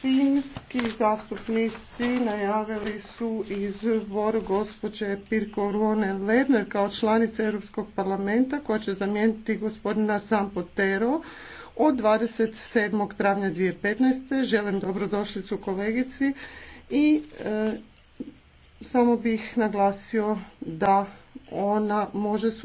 Finski zastupnici najavili su izbor gospođe Pirko Ruone Ledner kao članice Europskog parlamenta koja će zamijeniti gospodina Sampotero od 27. travnja 2015. Želim dobrodošlicu kolegici i e, samo bih naglasio da ona može